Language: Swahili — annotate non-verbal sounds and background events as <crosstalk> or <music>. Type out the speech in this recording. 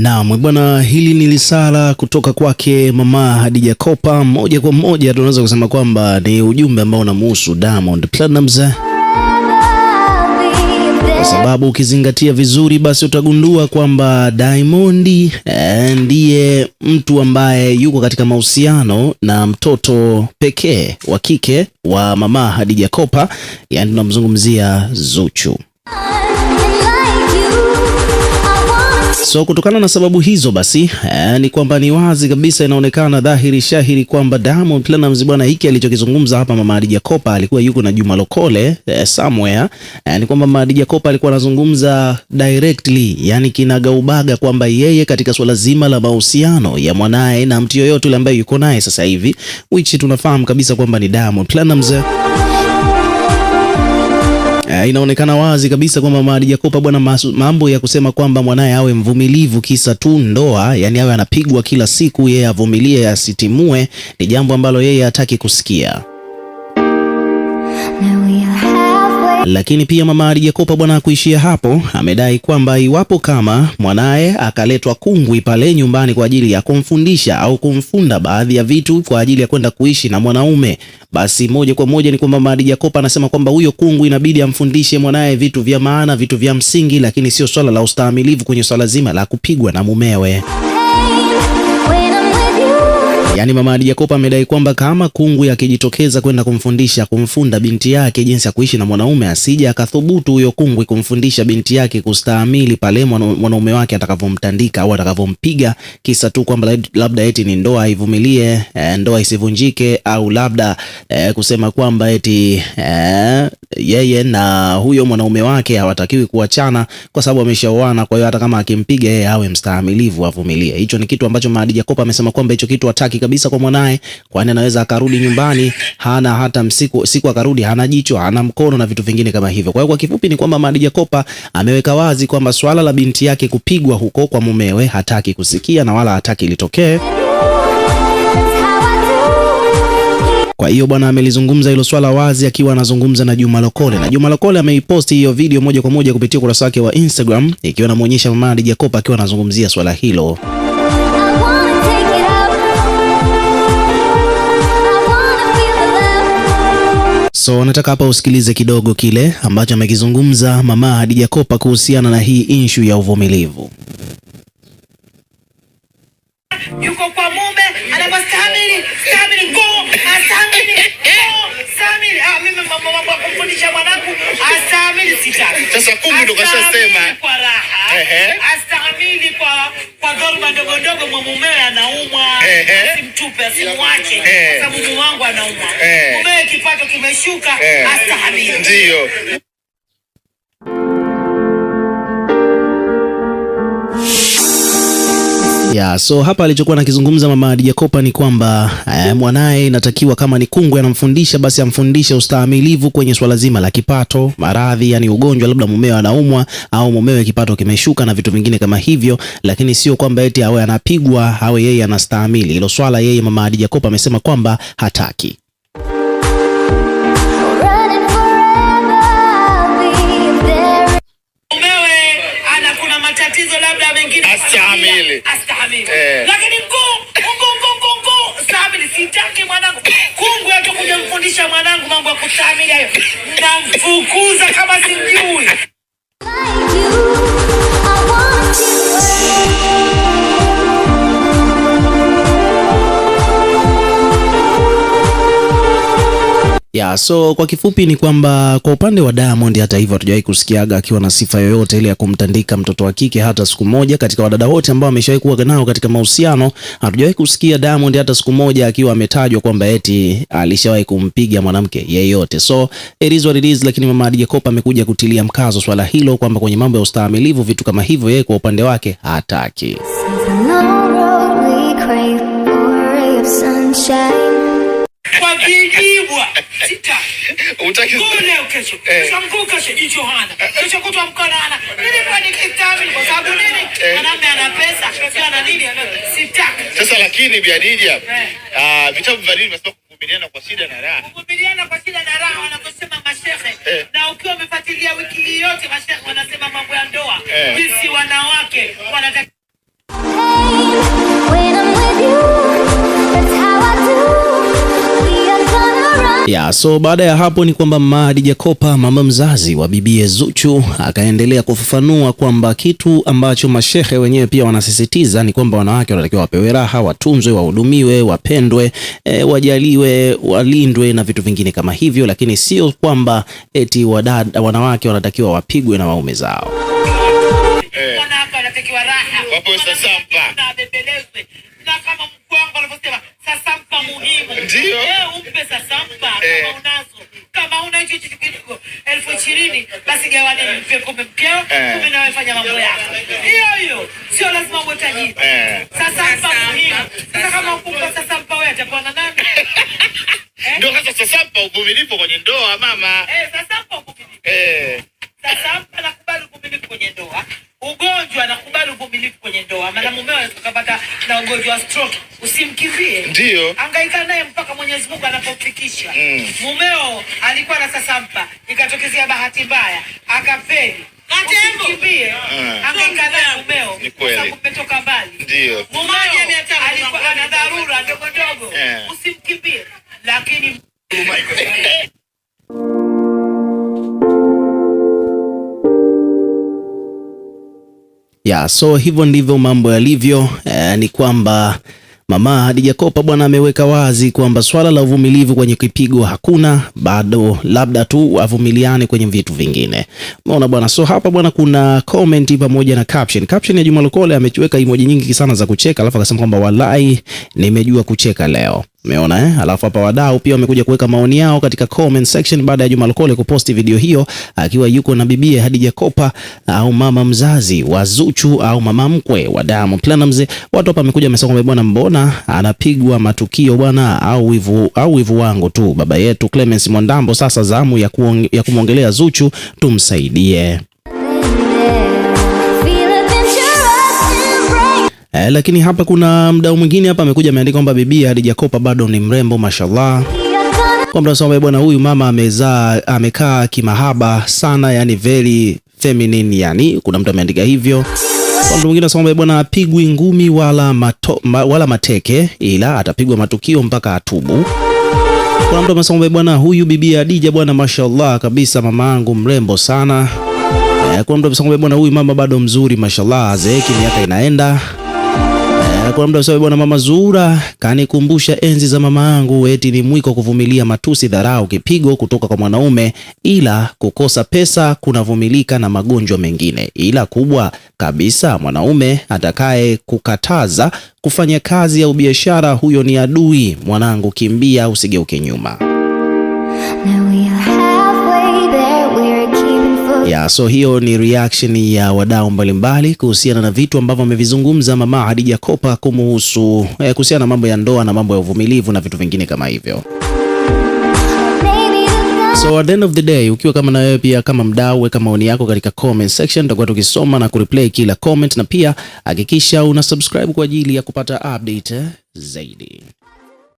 Naam bwana, hili ni risala kutoka kwake mama Hadija Kopa. Moja kwa moja tunaweza kusema kwamba ni ujumbe ambao unamuhusu Diamond Platnumz, kwa sababu ukizingatia vizuri, basi utagundua kwamba Diamond eh, ndiye mtu ambaye yuko katika mahusiano na mtoto pekee wa kike wa mama Hadija Kopa, yaani tunamzungumzia Zuchu. So kutokana na sababu hizo basi eh, ni kwamba ni wazi kabisa inaonekana dhahiri shahiri kwamba Diamond Platnumz bwana, hiki alichokizungumza hapa Mama Hadija Kopa alikuwa yuko na Juma Lokole eh, somewhere eh, ni kwamba Mama Hadija Kopa alikuwa anazungumza directly, yani kinagaubaga kwamba yeye katika suala zima la mahusiano ya mwanaye na mtu yoyote ambaye yuko naye sasa hivi, which tunafahamu kabisa kwamba ni Diamond Platnumz. Uh, inaonekana wazi kabisa kwamba Omar Jakopa bwana, mambo ya kusema kwamba mwanaye awe mvumilivu kisa tu ndoa, yani awe anapigwa kila siku, yeye avumilie, asitimue, ni jambo ambalo yeye hataki kusikia. Lakini pia mama alijakopa bwana kuishia hapo, amedai kwamba iwapo kama mwanaye akaletwa kungwi pale nyumbani kwa ajili ya kumfundisha au kumfunda baadhi ya vitu kwa ajili ya kwenda kuishi na mwanaume, basi moja kwa moja ni kwamba mama alijakopa anasema kwamba huyo kungwi inabidi amfundishe mwanaye vitu vya maana, vitu vya msingi, lakini sio swala la ustahimilivu kwenye swala zima la kupigwa na mumewe. Yaani mama Ali Jacob amedai kwamba kama Kungwi akijitokeza kwenda kumfundisha kumfunda binti yake jinsi ya kuishi na mwanaume, asija akathubutu huyo Kungwi kumfundisha binti yake kustahimili pale mwanaume wake atakavyomtandika au atakavyompiga, kisa tu kwamba labda eti ni ndoa aivumilie, eh, ndoa isivunjike, au labda eh, kusema kwamba eti eh, yeye na huyo mwanaume wake hawatakiwi kuachana kwa sababu ameshaoana. Kwa hiyo hata kama akimpiga yeye awe mstahimilivu, avumilie. Hicho ni kitu ambacho mama Ali Jacob amesema kwamba hicho kitu hataki kabisa kwa mwanae, kwani anaweza akarudi nyumbani hana hata msiku, siku akarudi hana jicho hana mkono na vitu vingine kama hivyo. Kwa hiyo kwa kifupi ni kwamba Khadija Kopa ameweka wazi kwamba swala la binti yake kupigwa huko kwa mumewe hataki kusikia na wala hataki litokee. Kwa hiyo bwana amelizungumza hilo swala wazi akiwa anazungumza na Juma Lokole, na Juma Lokole ameiposti hiyo video moja kwa moja kupitia ukurasa wake wa Instagram ikiwa inamuonyesha mama Khadija Kopa akiwa anazungumzia swala hilo. So nataka hapa usikilize kidogo kile ambacho amekizungumza Mama Hadija Kopa kuhusiana na hii inshu ya uvumilivu. Yuko kwa mume anapostamili stamili go asamili ah, go samili. Ah, mimi mambo mambo ya kumfundisha mwanangu asamili ah, sitaki. Sasa kumbe ndo kashasema. Ehe. Ah, magharuma ndogo ndogo, mwa mumewe anaumwa, eh, eh. asimtupe asimwache, eh. kwa sababu mume wangu anaumwa, mumewe kipato kimeshuka, astahamili. Ndio. Yeah, so hapa alichokuwa nakizungumza mama Hadija Kopa ni kwamba eh, mwanaye inatakiwa kama ni kungwe anamfundisha basi amfundishe ustahimilivu kwenye swala zima la kipato, maradhi, yani ugonjwa, labda mumewe anaumwa au mumewe kipato kimeshuka na vitu vingine kama hivyo, lakini sio kwamba eti awe anapigwa awe yeye anastahimili hilo swala. Yeye mama Hadija Kopa amesema kwamba hataki. matatizo labda mengine astahimili, astahimili, eh. lakini Mungu Mungu Mungu Mungu stahimili. Sitaki mwanangu kungu yetu kufundisha mwanangu mambo ya kustahimili hayo, namfukuza kama sijui Yeah, so kwa kifupi ni kwamba kwa upande wa Diamond, hata hivyo, hatujawahi kusikiaga akiwa na sifa yoyote ile ya kumtandika mtoto wa kike hata siku moja. Katika wadada wote ambao ameshawahi kuwa nao katika mahusiano, hatujawahi kusikia Diamond hata siku moja akiwa ametajwa kwamba eti alishawahi kumpiga mwanamke yeyote. So it is what it is, lakini mama Khadija Kopa amekuja kutilia mkazo swala hilo kwamba kwenye mambo ya ustahimilivu, vitu kama hivyo, yeye kwa upande wake hataki. Eh. Sasa lakini Bi Khadija, eh. ah, vitabu vya dini vinasema kuvumiliana kwa shida na raha. Kuvumiliana kwa shida na raha wanasema mashehe, eh. na ukiwa umefuatilia wiki hii yote mashehe wanasema mambo ya ndoa, sisi wanawake wanataka ya so baada ya hapo ni kwamba mama Hadija Kopa, mama mzazi wa bibie Zuchu, akaendelea kufafanua kwamba kitu ambacho mashehe wenyewe pia wanasisitiza ni kwamba wanawake wanatakiwa wapewe raha, watunzwe, wahudumiwe, wapendwe, e, wajaliwe, walindwe na vitu vingine kama hivyo, lakini sio kwamba eti wadada, wanawake wanatakiwa wapigwe na waume zao. Eh muhimu wewe umpe sasa, mpa kama eh. unazo, kama una hicho kitu kidogo elfu ishirini basi gawane, mpe kombe mkeo, eh. kumbe nawe fanya mambo yako hiyo hiyo, sio lazima uwe tajiri. Eh. Sasa mpa muhimu. Sasa kama ukumpa sasa mpa, wewe atapana nani? <laughs> Ndio hasa sasa mpa uvumilivu kwenye ndoa mama. Eh, sasa mpa uvumilivu. Eh, sasa mpa nakubali uvumilivu kwenye ndoa mtu anakubali uvumilivu kwenye ndoa, maana mumeo anaweza kupata na ugonjwa wa stroke. usimkivie. ndio angaika naye mpaka Mwenyezi Mungu anapofikisha. Mm. Mumeo alikuwa na sasampa, ikatokezea bahati mbaya akapeli Usimkimbie, mm. angaika naye mumeo, umetoka mbali, ndio alikuwa ana dharura ndogo ndogo, eh. usimkimbie lakini oh <laughs> ya so hivyo ndivyo mambo yalivyo. Eh, ni kwamba Mama Hadija Kopa bwana ameweka wazi kwamba swala la uvumilivu kwenye kipigo hakuna bado, labda tu avumiliane kwenye vitu vingine. Umeona bwana, so hapa bwana kuna comment pamoja na caption. Caption ya Juma Lokole ameweka emoji nyingi sana za kucheka, alafu akasema kwamba walai nimejua kucheka leo. Umeona eh? Alafu hapa wadau pia wamekuja kuweka maoni yao katika comment section baada ya Juma Lokole kuposti video hiyo akiwa yuko na bibie Hadija Kopa au mama mzazi wa Zuchu au mama mkwe wa Diamond Platnumz. Watu hapa wamekuja wamesema kwamba bwana, mbona anapigwa matukio bwana, au wivu au wivu wangu tu. Baba yetu Clemence Mwandambo, sasa zamu ya kumwongelea Zuchu, tumsaidie. eh, lakini hapa kuna mdau mwingine hapa amekuja ameandika kwamba bibi alijakopa bado ni mrembo mashallah Kwa kwamba bwana huyu mama amezaa amekaa kimahaba sana, yani very feminine, yani kuna mtu ameandika hivyo. Kwa mtu mwingine anasema bwana apigwi ngumi wala, mato, ma, wala mateke ila atapigwa matukio mpaka atubu. Kuna mtu amesema bwana huyu bibi Hadija bwana mashallah kabisa mama yangu mrembo sana. Eh, kuna mtu amesema bwana huyu mama bado mzuri mashallah, azeeki miaka inaenda. Eh, Kuna mda usema bwana, mama Zuhura kanikumbusha enzi za mama yangu, eti ni mwiko kuvumilia matusi, dharau, kipigo kutoka kwa mwanaume, ila kukosa pesa kunavumilika na magonjwa mengine, ila kubwa kabisa mwanaume atakaye kukataza kufanya kazi au biashara, huyo ni adui. Mwanangu, kimbia, usigeuke nyuma. Yeah, so hiyo ni reaction ya wadau mbalimbali kuhusiana na vitu ambavyo amevizungumza mama Hadija Kopa kumuhusu eh, kuhusiana na mambo ya ndoa na mambo ya uvumilivu na vitu vingine kama hivyo. So at the end of the day, ukiwa kama na wewe pia kama mdau, weka maoni yako katika comment section, tutakuwa tukisoma na kureplay kila comment, na pia hakikisha una subscribe kwa ajili ya kupata update zaidi.